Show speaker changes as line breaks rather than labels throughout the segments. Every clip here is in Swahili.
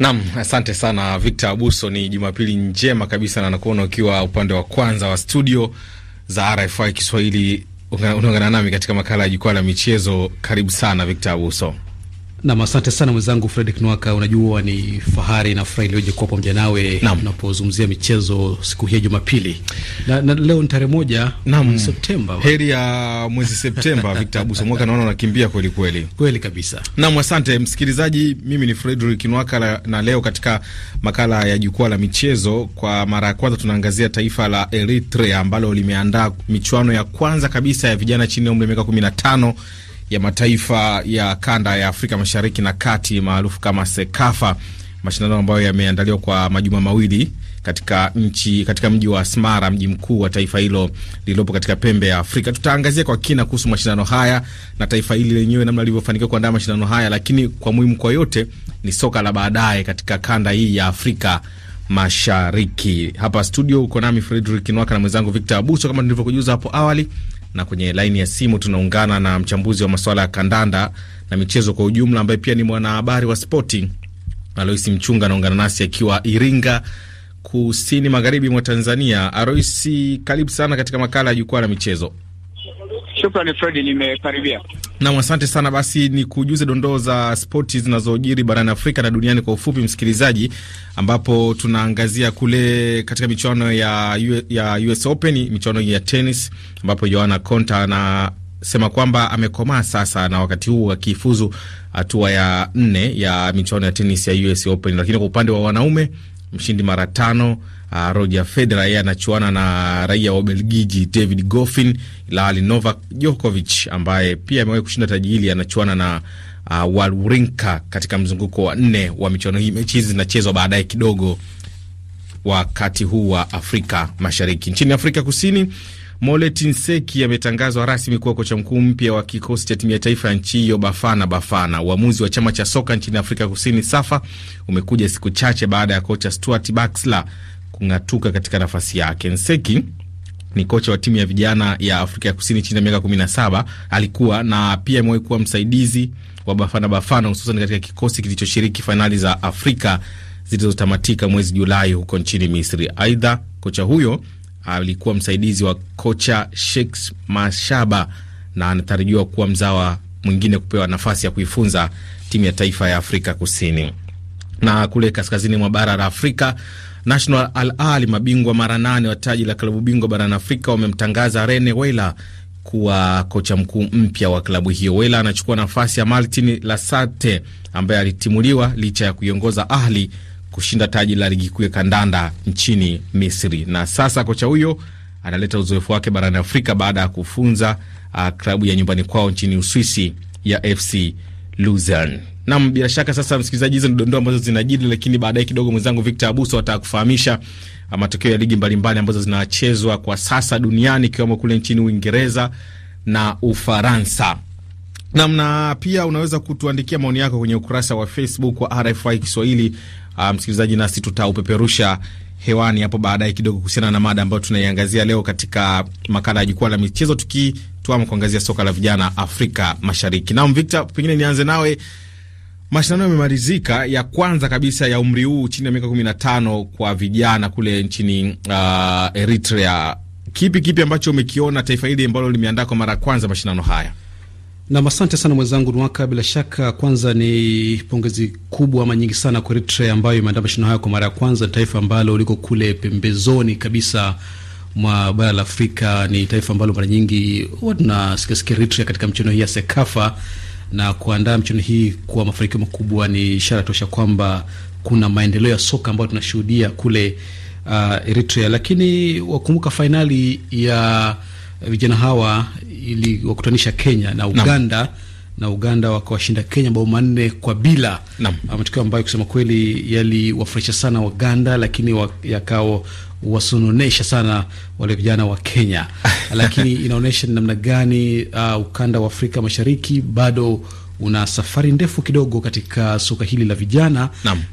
Nam, asante sana Victor Abuso. Ni Jumapili njema kabisa, na nakuona ukiwa upande wa kwanza wa studio za RFI Kiswahili. Unaungana nami katika makala ya jukwaa la michezo. Karibu sana Victor Abuso.
Nam, asante sana mwenzangu Fredrick Nwaka. Unajua ni fahari na furaha iliyoje kuwa pamoja nawe
unapozungumzia michezo siku hii ya Jumapili
na, na leo ni tarehe moja
Septemba. Heri ya mwezi Septemba Victor Abuso Mwaka, naona unakimbia kweli kweli kweli kabisa. Nam, asante msikilizaji, mimi ni Fredrick Nwaka na leo katika makala ya jukwaa la michezo, kwa mara ya kwanza tunaangazia taifa la Eritrea ambalo limeandaa michuano ya kwanza kabisa ya vijana chini ya umri wa miaka kumi na tano ya mataifa ya kanda ya Afrika Mashariki na Kati maarufu kama Sekafa, mashindano ambayo yameandaliwa kwa majuma mawili katika nchi katika mji wa Asmara, mji mkuu wa taifa hilo lililopo katika pembe ya Afrika. Tutaangazia kwa kina kuhusu mashindano haya na taifa hili lenyewe, namna lilivyofanikiwa kuandaa mashindano haya, lakini kwa muhimu kwa yote ni soka la baadaye katika kanda hii ya Afrika Mashariki. Hapa studio uko nami Fredrick Nwaka na mwenzangu Victor Abuso, kama nilivyokujuza hapo awali na kwenye laini ya simu tunaungana na mchambuzi wa masuala ya kandanda na michezo kwa ujumla, ambaye pia ni mwanahabari wa spoti, Aloisi Mchunga anaungana nasi akiwa Iringa, kusini magharibi mwa Tanzania. Aloisi, karibu sana katika makala ya jukwaa la michezo. Shukrani Fredi, nimekaribia. Nam, asante sana. Basi ni kujuze dondoo za spoti zinazojiri barani Afrika na duniani kwa ufupi, msikilizaji, ambapo tunaangazia kule katika michuano ya, ya US Open, michuano ya tenis, ambapo Joanna Konta anasema kwamba amekomaa sasa na wakati huu akifuzu hatua ya nne ya michuano ya tenis ya US Open. Lakini kwa upande wa wanaume, mshindi mara tano Uh, Roger Federer yeye anachuana na raia wa Ubelgiji David Goffin, ilhali Novak Djokovic ambaye pia amewahi kushinda taji hili anachuana na uh, Wawrinka katika mzunguko wa nne wa michuano hii. Mechi hizi zinachezwa baadaye kidogo wakati huu wa Afrika Mashariki. Nchini Afrika Kusini, Molet Nseki ametangazwa rasmi kuwa kocha mkuu mpya wa kikosi cha timu ya taifa ya nchi hiyo Bafana Bafana. Uamuzi wa chama cha soka nchini Afrika Kusini SAFA umekuja siku chache baada ya kocha Stuart Baxla kung'atuka katika nafasi yake. Nseki ni kocha wa timu ya vijana ya Afrika ya Kusini chini ya miaka kumi na saba alikuwa na pia amewahi kuwa msaidizi wa Bafana Bafana, hususan katika kikosi kilichoshiriki fainali za Afrika zilizotamatika mwezi Julai huko nchini Misri. Aidha, kocha huyo alikuwa msaidizi wa kocha Sheikh Mashaba na anatarajiwa kuwa mzawa mwingine kupewa nafasi ya kuifunza timu ya taifa ya Afrika Kusini. Na kule kaskazini mwa bara la Afrika National Al Ali, mabingwa mara nane wa taji la klabu bingwa barani Afrika, wamemtangaza Rene Weiler kuwa kocha mkuu mpya wa klabu hiyo. Weiler anachukua nafasi ya Martin Lasarte ambaye alitimuliwa licha ya kuiongoza Ahli kushinda taji la ligi kuu ya kandanda nchini Misri. Na sasa kocha huyo analeta uzoefu wake barani Afrika baada ya kufunza uh, klabu ya nyumbani kwao nchini Uswisi ya FC Luzern. Nam, bila shaka sasa, msikilizaji, hizo ni dondoo ambazo zinajiri, lakini baadaye kidogo mwenzangu Victor Abuso atakufahamisha ah, matokeo ya ligi mbalimbali ambazo zinachezwa kwa sasa duniani ikiwemo kule nchini Uingereza na Ufaransa. Namna pia unaweza kutuandikia maoni yako kwenye ukurasa wa Facebook wa RFI Kiswahili, ah, msikilizaji, nasi tutaupeperusha hewani hapo baadaye kidogo kuhusiana na mada ambayo tunaiangazia leo katika makala ya jukwaa la michezo, tukitwama kuangazia soka la vijana Afrika Mashariki. Nam Victor, pengine nianze nawe Mashindano yamemalizika ya kwanza kabisa ya umri huu chini ya miaka kumi na tano kwa vijana kule nchini uh, Eritrea. Kipi kipi ambacho umekiona taifa hili ambalo limeandaa kwa mara ya kwanza mashindano haya?
Nam, asante sana mwenzangu Nwaka. Bila shaka, kwanza ni pongezi kubwa ama nyingi sana kwa Eritrea ambayo imeandaa mashindano haya kwa mara ya kwanza. Ni taifa ambalo liko kule pembezoni kabisa mwa bara la Afrika. Ni taifa ambalo mara nyingi huwa tunasikasikia Eritrea katika mchezo hii ya SEKAFA na kuandaa michuano hii kwa mafanikio makubwa ni ishara tosha kwamba kuna maendeleo ya soka ambayo tunashuhudia kule uh, Eritrea. Lakini wakumbuka fainali ya vijana hawa iliwakutanisha Kenya na Uganda Nam na Uganda wakawashinda Kenya bao manne kwa bila, uh, matokeo ambayo kusema kweli yaliwafurahisha sana Waganda, lakini wa, yakao wasononesha sana wale vijana wa Kenya, lakini inaonyesha ni namna gani uh, ukanda wa Afrika Mashariki bado una safari ndefu kidogo katika soka hili la vijana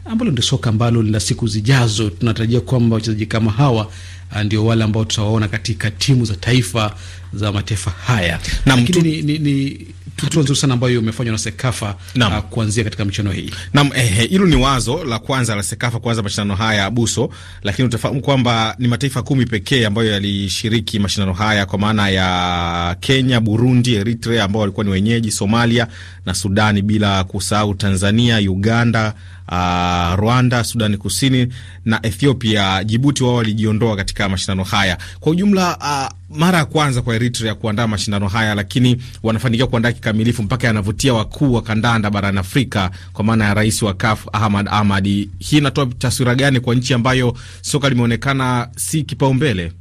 ambalo ndio soka ambalo lina siku zijazo. Tunatarajia kwamba wachezaji kama hawa uh, ndio wale ambao tutawaona katika timu za taifa
za mataifa haya. lakini tu... ni, ni, ni hatua nzuri sana ambayo umefanywa na Sekafa uh, kuanzia katika michuano hii. Naam, eh, hilo ni wazo la kwanza la Sekafa kuanza mashindano haya abuso, lakini utafahamu kwamba ni mataifa kumi pekee ambayo yalishiriki mashindano haya kwa maana ya Kenya, Burundi, Eritrea ambao walikuwa ni wenyeji, Somalia na Sudani, bila kusahau Tanzania, Uganda, uh, Rwanda, Sudani Kusini na Ethiopia. Jibuti wao walijiondoa katika mashindano haya kwa ujumla. Uh, mara ya kwanza kwa Eritrea kuandaa mashindano haya, lakini wanafanikiwa kuandaa kikamilifu mpaka yanavutia wakuu wa kandanda barani Afrika kwa maana ya rais wa CAF Ahmad Ahmadi. Hii inatoa taswira gani kwa nchi ambayo soka limeonekana si kipaumbele?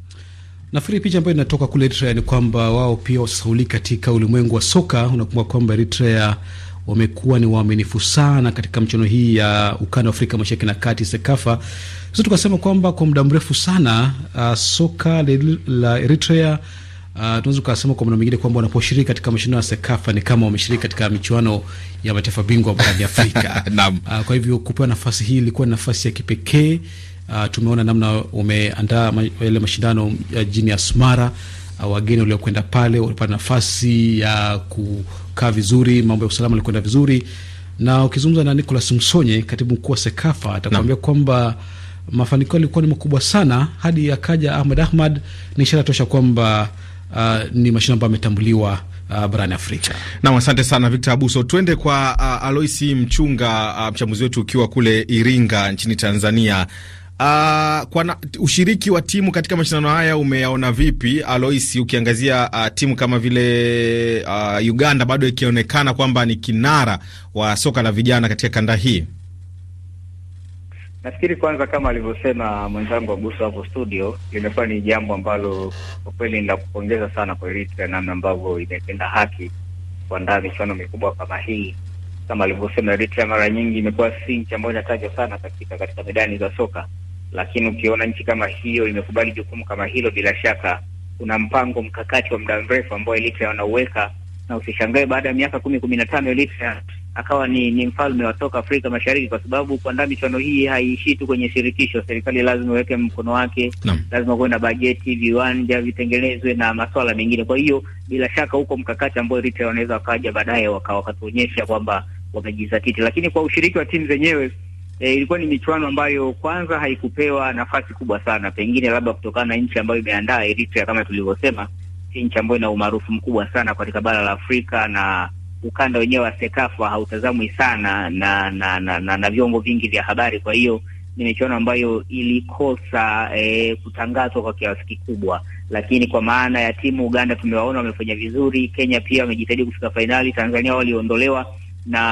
Nafikiri picha ambayo inatoka kule Eritrea ni kwamba wao pia wasasaulika katika ulimwengu wa soka. Unakumbuka kwamba Eritrea wamekuwa ni waaminifu sana katika mchano hii ya ukanda wa Afrika mashariki na kati, SEKAFA. Sasa tukasema kwamba kwa muda mrefu sana uh, soka la Eritrea Uh, tunaweza tukasema kwa mna mwingine kwamba wanaposhiriki katika mashindano ya SEKAFA ni kama wameshiriki katika michuano ya mataifa bingwa barani Afrika. uh, kwa hivyo kupewa nafasi hii ilikuwa ni nafasi ya kipekee Uh, tumeona namna umeandaa yale mashindano ya jijini Asmara. Uh, ah, wageni waliokwenda pale walipata nafasi ya kukaa vizuri, mambo ya usalama alikwenda vizuri, na ukizungumza na Nicolas Msonye, katibu mkuu wa Sekafa, atakuambia kwamba mafanikio yalikuwa ni makubwa sana, hadi akaja Ahmed Ahmad. Ni ishara tosha kwamba uh,
ni mashindano ambayo ametambuliwa Uh, barani Afrika. Naam, asante sana Victor Abuso. Twende kwa uh, Aloisi Mchunga, uh, mchambuzi wetu ukiwa kule Iringa nchini Tanzania. Uh, kwa na, ushiriki wa timu katika mashindano haya umeyaona vipi Alois, ukiangazia uh, timu kama vile uh, Uganda bado ikionekana kwamba ni kinara wa soka la vijana katika kanda hii? Nafikiri kwanza, kama alivyosema
mwenzangu Aguso hapo studio, limekuwa ni jambo ambalo kwa kweli ni la kupongeza sana kwa Eritrea, namna ambavyo imetenda haki kuandaa michuano mikubwa kama hii. Kama alivyosema Eritrea, mara nyingi imekuwa si nchi ambayo inatajwa sana katika katika medani za soka lakini ukiona nchi kama hiyo imekubali jukumu kama hilo, bila shaka kuna mpango mkakati wa muda mrefu ambao Eritrea wanauweka, na usishangae baada ya miaka kumi kumi na tano Eritrea akawa ni, ni mfalme wa soka Afrika Mashariki, kwa sababu kuandaa michuano hii haiishii tu kwenye shirikisho. Serikali lazima iweke mkono wake no. Lazima kuwe na bajeti, viwanja vitengenezwe na maswala mengine. Kwa hiyo bila shaka huko mkakati ambao Eritrea wanaweza wakaja baadaye wakatuonyesha kwamba wamejizatiti, lakini kwa ushiriki wa timu zenyewe E, ilikuwa ni michuano ambayo kwanza haikupewa nafasi kubwa sana, pengine labda kutokana na nchi ambayo imeandaa. Eritrea kama tulivyosema, si nchi ambayo ina umaarufu mkubwa sana katika bara la Afrika, na ukanda wenyewe wa Sekafa hautazamwi sana na na, na, na, na vyombo vingi vya habari. Kwa hiyo ni michuano ambayo ilikosa e, kutangazwa kwa kiasi kikubwa, lakini kwa maana ya timu, Uganda tumewaona wamefanya vizuri, Kenya pia wamejitahidi kufika fainali, Tanzania waliondolewa na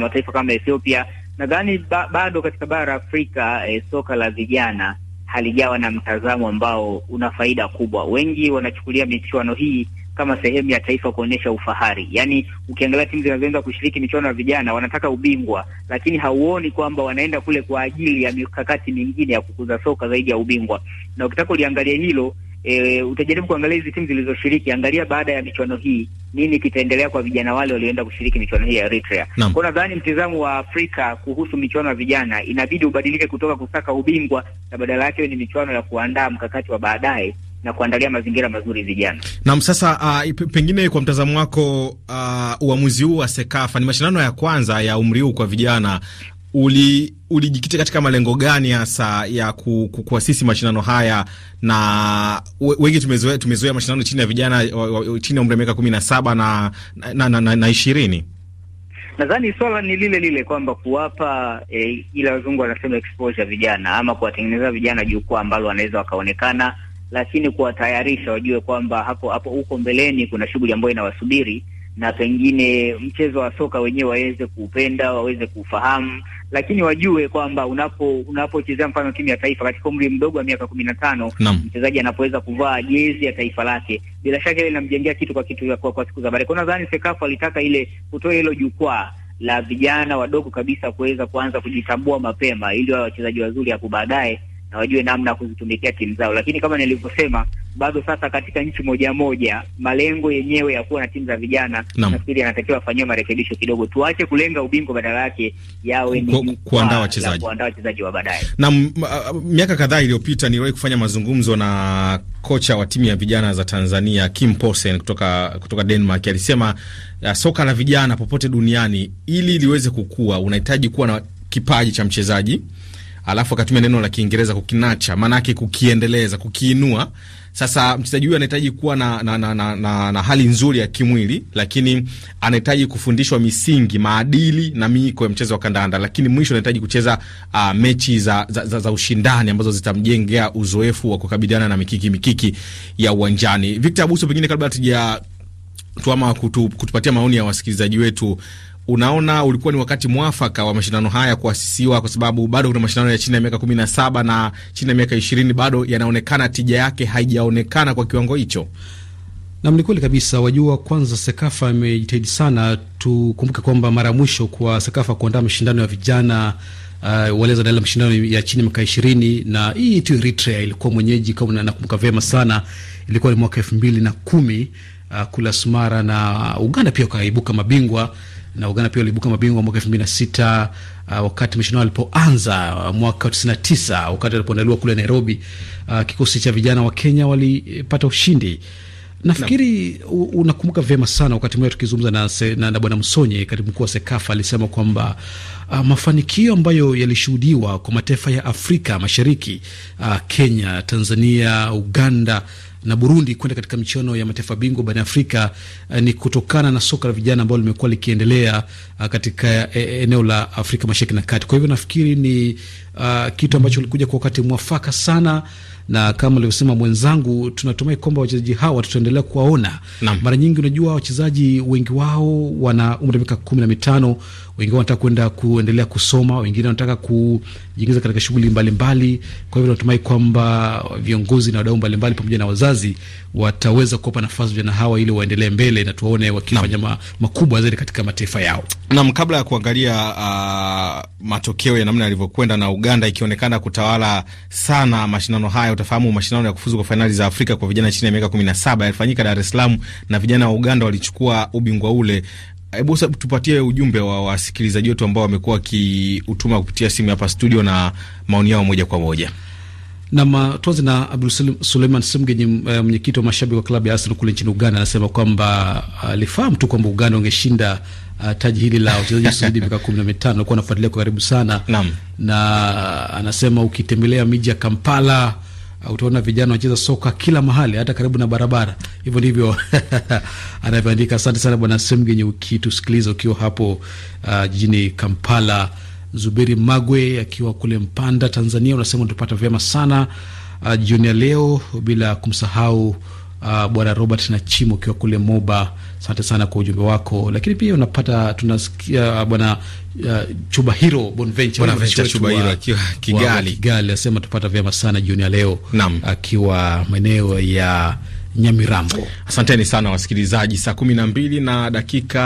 mataifa kama Ethiopia nadhani ba, bado katika bara la Afrika eh, soka la vijana halijawa na mtazamo ambao una faida kubwa. Wengi wanachukulia michuano hii kama sehemu ya taifa kuonyesha ufahari. Yaani, ukiangalia timu zinazoenda kushiriki michuano ya vijana wanataka ubingwa, lakini hauoni kwamba wanaenda kule kwa ajili ya mikakati mingine ya kukuza soka zaidi ya ubingwa. Na ukitaka uliangalia hilo e, utajaribu kuangalia hizi timu zilizoshiriki, angalia baada ya michuano hii nini kitaendelea kwa vijana wale walioenda kushiriki michuano hii ya Eritrea. Kwa nadhani mtizamo wa Afrika kuhusu michuano ya vijana inabidi ubadilike kutoka kusaka ubingwa na badala yake ni michuano ya kuandaa mkakati wa baadaye na kuandalia mazingira mazuri vijana.
Naam, sasa uh, pengine kwa mtazamo wako uh, uamuzi huu wa Sekafa ni mashindano ya kwanza ya umri huu kwa vijana ulijikita uli katika malengo gani hasa ya kuasisi mashindano haya? Na wengi tumezoea tumezoea mashindano chini ya vijana chini ya umri wa miaka kumi na saba na na, na, na, na ishirini.
Nadhani swala ni lile lile kwamba kuwapa e, ila wazungu wanasema exposure vijana ama kuwatengeneza vijana jukwaa ambalo wanaweza wakaonekana, lakini kuwatayarisha wajue kwamba hapo hapo huko mbeleni kuna shughuli ambayo inawasubiri na pengine mchezo wa soka wenyewe waweze kuupenda, waweze kuufahamu, lakini wajue kwamba unapo unapochezea mfano timu ya taifa katika umri mdogo wa miaka kumi na tano, mchezaji anapoweza kuvaa jezi ya taifa lake, bila shaka ile inamjengea kitu kwa kitu kwa, kwa siku za baadaye. Kwa nadhani Sekafa alitaka ile kutoa hilo jukwaa la vijana wadogo kabisa kuweza kuanza kujitambua mapema, ili wawe wachezaji wazuri hapo baadaye na wajue namna ya kuzitumikia timu zao, lakini kama nilivyosema, bado sasa katika nchi moja moja malengo yenyewe ya kuwa na timu za vijana nafikiri yanatakiwa afanyiwe marekebisho kidogo, tuache kulenga ubingwa, badala yake yawe ni kuandaa wachezaji kuandaa wachezaji wa baadaye.
Na miaka kadhaa iliyopita niliwahi kufanya mazungumzo na kocha wa timu ya vijana za Tanzania Kim Poulsen kutoka kutoka Denmark, alisema uh, soka la vijana popote duniani ili liweze kukua unahitaji kuwa na kipaji cha mchezaji alafu akatumia neno la Kiingereza kukinacha, maana yake kukiendeleza, kukiinua. Sasa mchezaji huyu anahitaji kuwa na, na, na, na, na, na hali nzuri ya kimwili, lakini anahitaji kufundishwa misingi, maadili na miiko ya mchezo wa kandanda, lakini mwisho anahitaji kucheza uh, mechi za, za, za, za ushindani ambazo zitamjengea uzoefu wa kukabiliana na mikiki mikiki ya uwanjani. Victor Abuso, pengine kabla tuja tuama kutu, kutupatia maoni ya wasikilizaji wetu unaona ulikuwa ni wakati mwafaka wa mashindano haya kuasisiwa, kwa sababu bado kuna mashindano ya chini ya miaka kumi na saba na chini ya miaka ishirini bado yanaonekana, tija yake haijaonekana kwa kiwango hicho. Nam, ni kweli
kabisa. Wajua, kwanza Sekafa imejitahidi sana. Tukumbuke kwamba mara ya mwisho kwa Sekafa kuandaa mashindano ya vijana uh, waleza naela mashindano ya chini ya miaka ishirini na hii tu Eritrea ilikuwa mwenyeji, kama nakumbuka vyema sana, ilikuwa ni mwaka elfu mbili na kumi uh, kula Sumara na Uganda pia ukaibuka mabingwa na Uganda pia waliibuka mabingwa mwaka elfu mbili na sita uh, wakati mashindano alipoanza uh, mwaka tisini na tisa wakati alipoandaliwa kule Nairobi. Uh, kikosi cha vijana wa Kenya walipata ushindi. Nafikiri no. unakumbuka vyema sana wakati mmoja tukizungumza na, na, na Bwana Msonye, katibu mkuu wa SEKAFA, alisema kwamba uh, mafanikio ambayo yalishuhudiwa kwa mataifa ya Afrika Mashariki uh, Kenya, Tanzania, Uganda na Burundi kwenda katika michuano ya mataifa bingwa barani Afrika uh, ni kutokana na soka la vijana ambalo limekuwa likiendelea uh, katika eh, eneo la Afrika Mashariki na Kati. Kwa hivyo nafikiri ni uh, kitu ambacho kilikuja kwa wakati mwafaka sana, na kama alivyosema mwenzangu, tunatumai kwamba wachezaji hawa tutaendelea kuwaona. Mara nyingi, unajua wachezaji wengi wao wana umri wa miaka kumi na mitano, wengi wao wanataka kuenda kuendelea kusoma, wengine wanataka kujiingiza katika shughuli mbalimbali. Kwa hivyo tunatumai kwamba viongozi na wadau mbalimbali pamoja na wazazi wazazi wataweza kuwapa nafasi vijana hawa ili
waendelee mbele na tuwaone wakifanya ma, makubwa zaidi katika mataifa yao. Nam, kabla ya kuangalia uh, matokeo ya namna yalivyokwenda na Uganda ikionekana kutawala sana mashindano haya, utafahamu mashindano ya kufuzu kwa fainali za Afrika kwa vijana chini ya miaka kumi na saba yalifanyika Dar es Salaam na vijana wa Uganda walichukua ubingwa ule. Hebu tupatie ujumbe wa wasikilizaji wetu ambao wamekuwa wakiutuma kupitia simu hapa studio na maoni yao moja kwa moja.
Na tuanze na Abdul Suleiman Semgenye, eh, mwenyekiti wa mashabiki wa klabu ya Arsenal kule nchini Uganda, anasema kwamba ah, alifahamu tu kwamba Uganda wangeshinda Uh, taji hili la wachezaji zaidi miaka kumi na mitano alikuwa anafuatilia kwa karibu sana Naam. Na ah, anasema ukitembelea miji ya Kampala utaona vijana wanacheza soka kila mahali hata karibu na barabara, hivyo ndivyo anavyoandika. Asante sana Bwana Semgenye ukitusikiliza ukiwa hapo uh, jijini Kampala Zuberi Magwe akiwa kule Mpanda, Tanzania, unasema unatupata vyema sana uh, jioni ya leo, bila kumsahau Uh, Bwana Robert na Chimo ukiwa kule Moba, asante sana kwa ujumbe wako. Lakini pia unapata tunasikia uh, Bwana uh, Chuba Hiro Bonventure akiwa Kigali, tupata vyema sana
jioni ya leo akiwa maeneo ya Nyamirambo. Asanteni sana wasikilizaji, saa kumi na mbili na dakika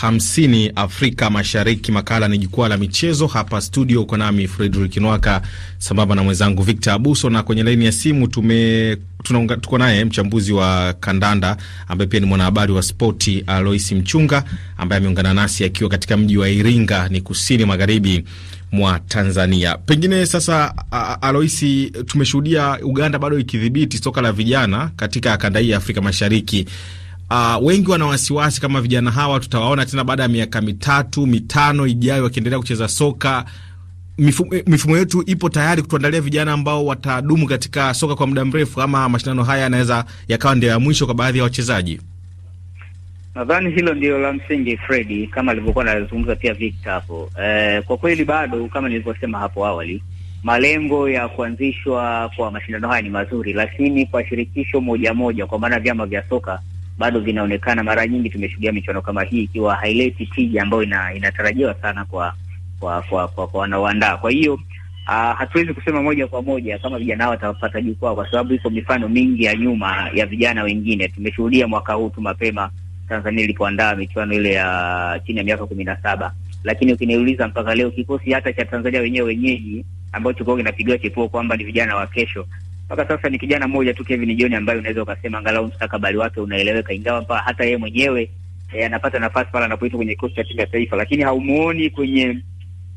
hamsini Afrika Mashariki. Makala ni jukwaa la michezo hapa studio, uko nami Fredrik Nwaka sambamba na mwenzangu Victor Abuso, na kwenye laini ya simu tume tuko naye mchambuzi wa kandanda ambaye pia ni mwanahabari wa spoti Aloisi Mchunga ambaye ameungana nasi akiwa katika mji wa Iringa, ni kusini magharibi mwa Tanzania. Pengine sasa, Aloisi, tumeshuhudia Uganda bado ikidhibiti soka la vijana katika kanda hii ya Afrika Mashariki. Uh, wengi wana wasiwasi kama vijana hawa tutawaona tena baada ya miaka mitatu mitano ijayo wakiendelea kucheza soka. Mifumo, mifumo yetu ipo tayari kutuandalia vijana ambao watadumu katika soka kwa muda mrefu, ama mashindano haya yanaweza yakawa ndio ya mwisho kwa baadhi ya wachezaji?
Nadhani hilo ndio la msingi Fredi, kama alivyokuwa anazungumza pia Victor hapo. E, kwa kweli bado kama nilivyosema hapo awali, malengo ya kuanzishwa kwa mashindano haya ni mazuri, lakini kwa shirikisho moja moja, kwa maana vyama vya soka bado vinaonekana, mara nyingi tumeshuhudia michuano kama hii ikiwa haileti tija ambayo ina, inatarajiwa sana kwa kwa kwa kwa, wanaoandaa. Kwa hiyo uh, hatuwezi kusema moja kwa moja kama vijana hao watapata jukwaa, kwa sababu iko mifano mingi ya nyuma ya vijana wengine. Tumeshuhudia mwaka huu tu mapema Tanzania ilipoandaa michuano ile ya chini ya miaka kumi na saba, lakini ukiniuliza mpaka leo kikosi hata cha Tanzania wenyewe wenyeji ambao kwa kinapigiwa chepuo kwamba ni vijana wa kesho, mpaka sasa ni kijana mmoja tu Kevin John ambaye unaweza ukasema angalau mstakabali wake unaeleweka, ingawa mpaka hata yeye mwenyewe eh, anapata nafasi pale anapoitwa kwenye kikosi cha timu ya taifa, lakini haumuoni kwenye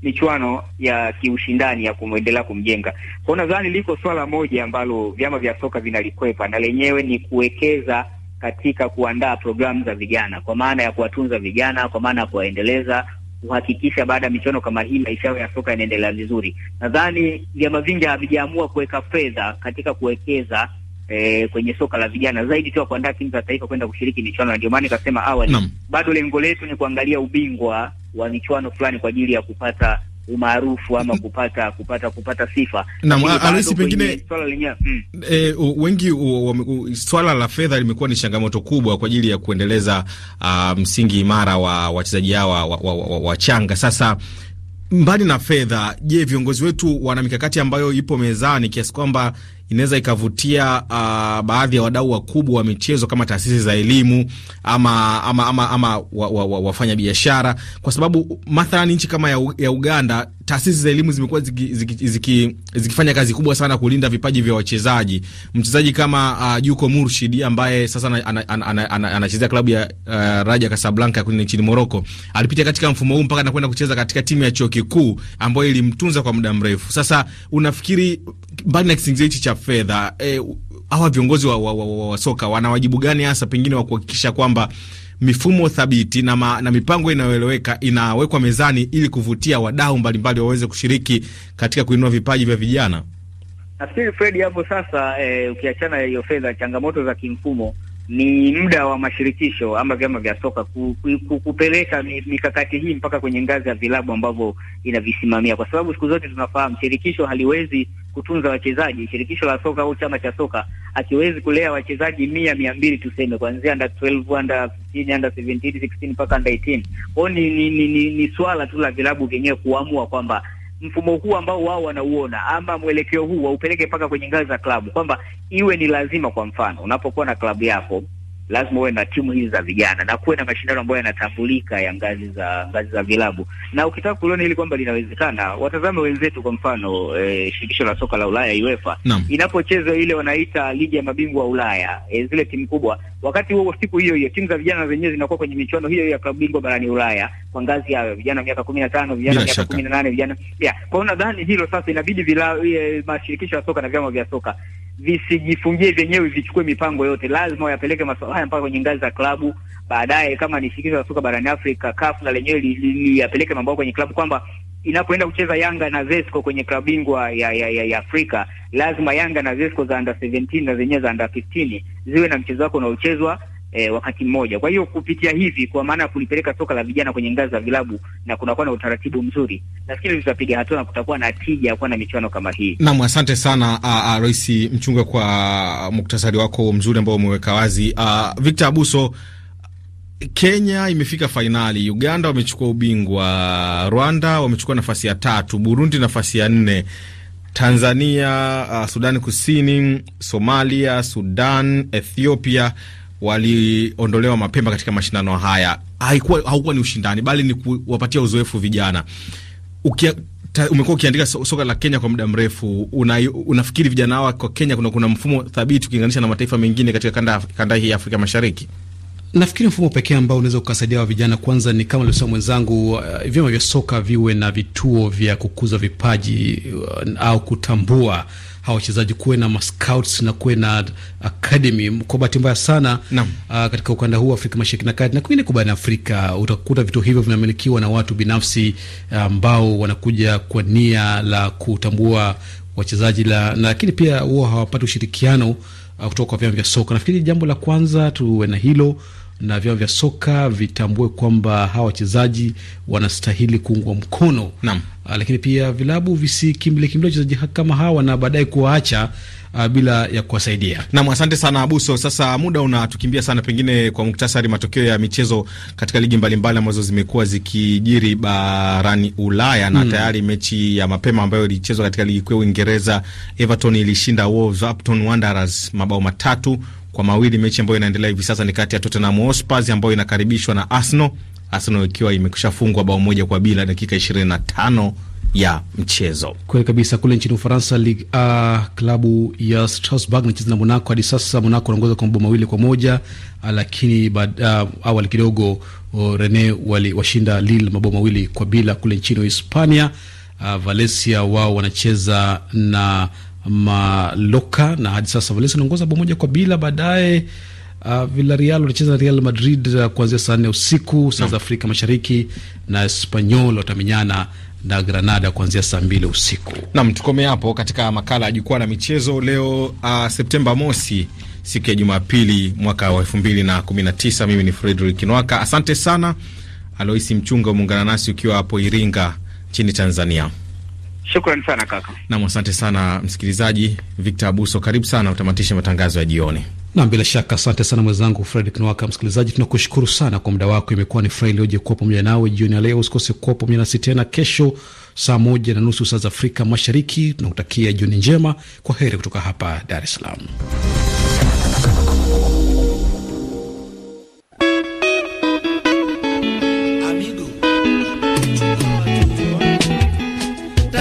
michuano ya kiushindani ya kumwendelea kumjenga. Kwa nadhani liko swala moja ambalo vyama vya soka vinalikwepa na lenyewe ni kuwekeza katika kuandaa programu za vijana, kwa maana ya kuwatunza vijana, kwa maana ya kuwaendeleza, kuhakikisha baada ya michuano kama hii maisha yao ya soka yanaendelea vizuri. Nadhani vyama vingi havijaamua kuweka fedha katika kuwekeza E, kwenye soka la vijana zaidi tu ya kuandaa timu za taifa kwenda kushiriki michuano, na ndio maana nikasema awali, bado lengo letu ni kuangalia ubingwa wa michuano fulani kwa ajili ya kupata umaarufu ama kupata kupata kupata sifa. Na Alisi, pengine
swala lenyewe mm, e, wengi u, u, swala la fedha limekuwa ni changamoto kubwa kwa ajili ya kuendeleza uh, msingi imara wa wachezaji hawa wachanga wa, wa, wa sasa mbali na fedha, je, viongozi wetu wana mikakati ambayo ipo mezani kiasi kwamba inaweza ikavutia uh, baadhi ya wadau wakubwa wa michezo kama taasisi za elimu ama, ama, ama, ama wa, wa, wa, wafanya biashara, kwa sababu mathalani nchi kama ya, ya Uganda taasisi za elimu zimekuwa ziki, ziki, ziki, zikifanya kazi kubwa sana kulinda vipaji vya wachezaji. Mchezaji kama uh, Juko Murshid ambaye sasa anachezea klabu ya uh, Raja Casablanca kule nchini Morocco alipita katika mfumo huu mpaka anakwenda kucheza katika timu ya chuo kikuu ambayo ilimtunza kwa muda mrefu. Sasa unafikiri mbali na kisingizio hichi cha fedha, eh, hawa viongozi wa, wa, wa, wa, wa soka wana wajibu gani hasa pengine wa kuhakikisha kwamba mifumo thabiti na, ma, na mipango inayoeleweka inawekwa mezani ili kuvutia wadau mbalimbali waweze kushiriki katika kuinua vipaji vya vijana?
Nafikiri fredi hapo sasa e, ukiachana hiyo fedha, changamoto za kimfumo ni muda wa mashirikisho ama vyama vya soka ku, ku, ku, kupeleka mikakati hii mpaka kwenye ngazi ya vilabu ambavyo inavisimamia, kwa sababu siku zote tunafahamu shirikisho haliwezi kutunza wachezaji. Shirikisho la soka au chama cha soka akiwezi kulea wachezaji mia mia mbili tuseme, kuanzia under 12 under 15 under 17 16 mpaka under 18. Kwao ni, ni, ni, ni, ni swala tu la vilabu vyenyewe kuamua kwamba mfumo huu ambao wao wanauona ama mwelekeo huu waupeleke mpaka kwenye ngazi za klabu, kwamba iwe ni lazima. Kwa mfano unapokuwa na klabu yako lazima uwe na timu hizi za vijana na kuwe na mashindano ambayo yanatambulika ya ngazi za ngazi za vilabu. Na ukitaka kuliona hili kwamba linawezekana, watazame wenzetu, kwa mfano e, shirikisho la soka la Ulaya UEFA inapocheza ile wanaita ligi ya mabingwa wa Ulaya, e, zile timu kubwa Wakati huo siku hiyo hiyo timu za vijana zenyewe zinakuwa kwenye michuano hiyo ya klabu bingwa barani Ulaya kwa ngazi ya vijana miaka 15, vijana miaka 18, vijana yeah. Kwa hiyo nadhani hilo sasa inabidi vila eh, mashirikisho ya soka na vyama vya soka visijifungie vyenyewe, vichukue mipango yote, lazima wayapeleke masuala haya mpaka kwenye ngazi za klabu. Baadaye kama ni shirikisho la soka barani Afrika, CAF na lenyewe liyapeleke li, li, mambo kwenye klabu kwamba inapoenda kucheza Yanga na Zesco kwenye klabu bingwa ya, ya, ya, ya Afrika, lazima Yanga na Zesco za under 17 na zenyewe za under 15 ziwe na mchezo wako unaochezwa E, wakati mmoja. Kwa hiyo kupitia hivi, kwa maana ya kulipeleka soka la vijana kwenye ngazi za vilabu na kunakuwa na utaratibu mzuri, nafikiri tutapiga hatua na kutakuwa na tija ya kuwa na michuano kama hii.
Naam, asante sana Rais Mchunga kwa muktasari wako mzuri ambao umeweka wazi. Victor Abuso Kenya imefika fainali, Uganda wamechukua ubingwa, Rwanda wamechukua nafasi ya tatu, Burundi nafasi ya nne, Tanzania, uh, Sudani Kusini, Somalia, Sudan, Ethiopia waliondolewa mapema katika mashindano haya. Haikuwa, haukuwa ni ushindani, bali ni kuwapatia uzoefu vijana. Ukia, ta, umekuwa ukiandika so, soka la Kenya kwa muda mrefu, una, unafikiri vijana hawa kwa Kenya kuna, kuna mfumo thabiti ukilinganisha na mataifa mengine katika kanda, kanda hii ya Afrika Mashariki?
Nafikiri mfumo pekee ambao unaweza ukasaidia wa vijana kwanza ni kama alivyosema mwenzangu, uh, vyama vya soka viwe na vituo vya kukuza vipaji uh, au kutambua hawa wachezaji, kuwe na mascouts na kuwe na academy. Kwa bahati mbaya sana uh, katika ukanda huu wa Afrika Mashariki na Kati na kwa barani Afrika utakuta vituo hivyo vinamilikiwa na watu binafsi uh, ambao uh, wanakuja kwa nia la kutambua wachezaji la lakini pia huwa hawapati ushirikiano uh, kutoka kwa vyama vya soka. Nafikiri jambo la kwanza tuwe na hilo na vyama vya soka vitambue kwamba hawa wachezaji wanastahili kuungwa mkono.
Naam. Uh, lakini pia vilabu visikimbilikimbili wachezaji kama hawa na baadaye kuwaacha uh, bila ya kuwasaidia. Nam, asante sana Abuso. Sasa muda unatukimbia sana, pengine kwa muktasari, matokeo ya michezo katika ligi mbalimbali ambazo zimekuwa zikijiri barani Ulaya na mm. tayari mechi ya mapema ambayo ilichezwa katika ligi kuu ya Uingereza, Everton ilishinda Wolverhampton Wanderers mabao matatu kwa mawili. Mechi ambayo inaendelea hivi sasa ni kati ya Tottenham Hotspur ambayo inakaribishwa na Arsenal, Arsenal ikiwa imekusha fungwa bao moja kwa bila dakika ishirini na tano ya mchezo.
Kweli kabisa. Kule nchini Ufaransa, Ligue A, klabu ya Strasbourg nacheza na Monaco hadi sasa. Monaco anaongoza kwa mabao mawili kwa moja, lakini uh, awali kidogo uh, Rene waliwashinda Lille mabao mawili kwa bila. Kule nchini Hispania, uh, Valencia wao wanacheza na Maloka na hadi sasa Valencia anaongoza bao moja kwa bila. Baadaye Uh, Villarreal wanacheza na Real Madrid uh, kuanzia saa nne usiku saa za Afrika Mashariki, na Espanyol watamenyana
na Granada kuanzia saa mbili usiku. Nam tukomee hapo katika makala ya jukwaa la michezo leo, uh, Septemba mosi, siku ya Jumapili mwaka wa elfu mbili na kumi na tisa. Mimi ni Fredrik Nwaka, asante sana. Aloisi Mchunga, umeungana nasi ukiwa hapo Iringa nchini Tanzania. sana kaka. Nam asante sana msikilizaji. Victor Abuso, karibu sana utamatishe matangazo ya jioni.
Nam, bila shaka asante sana mwenzangu Fredrick Nwaka. Msikilizaji, tunakushukuru sana kwa muda wako. Imekuwa ni furaha iliyoje kuwa pamoja nawe jioni ya leo. Usikose kuwa pamoja nasi tena kesho saa moja na nusu saa za Afrika Mashariki. Tunakutakia jioni njema. Kwa heri kutoka hapa Dar es Salaam.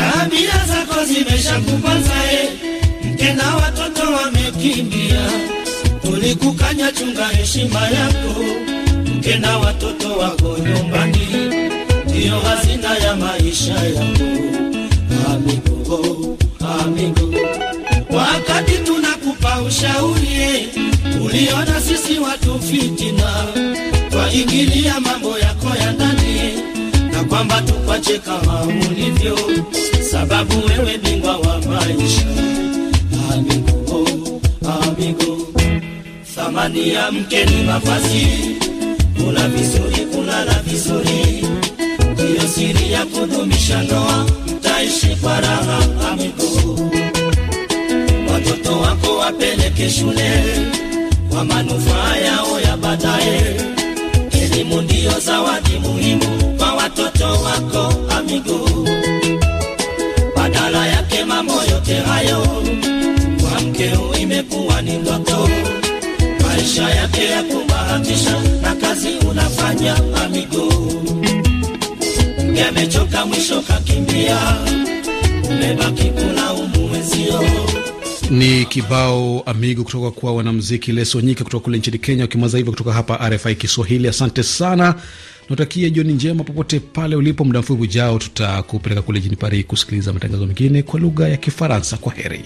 Tabia zako mke na watoto wamekimbia Ulikukanya, chunga heshima yako, mke na watoto wako nyumbani, ndiyo hazina ya maisha yako. Amigo, wakati tunakupa ushauri uliona sisi watu fitina, twaingilia mambo yako ya ndani na kwamba tukwache kama ulivyo, sababu wewe mke ni mafasi, kula vizuri, kulala vizuri, ndiyo siri ya kudumisha ndoa, mtaishi kwa raha. amigu watoto wako wapeleke shule kwa manufaa yao ya baadaye. Elimu ndiyo zawadi muhimu kwa watoto wako amigu badala yake mambo yote hayo kwa mkeo imekuwa ni ndoto maisha yake ya kubahatisha na kazi unafanya kwa miguu. Yamechoka mwisho kakimbia, umebaki kulaumu mwenzio.
Ni kibao amigo kutoka kwa wanamuziki Leso Nyika kutoka kule nchini Kenya, wakimwaza hivyo kutoka hapa RFI Kiswahili. Asante sana, natakia jioni njema popote pale ulipo. Muda mfupi ujao tutakupeleka kule jijini Paris kusikiliza matangazo mengine kwa lugha ya Kifaransa. Kwa heri.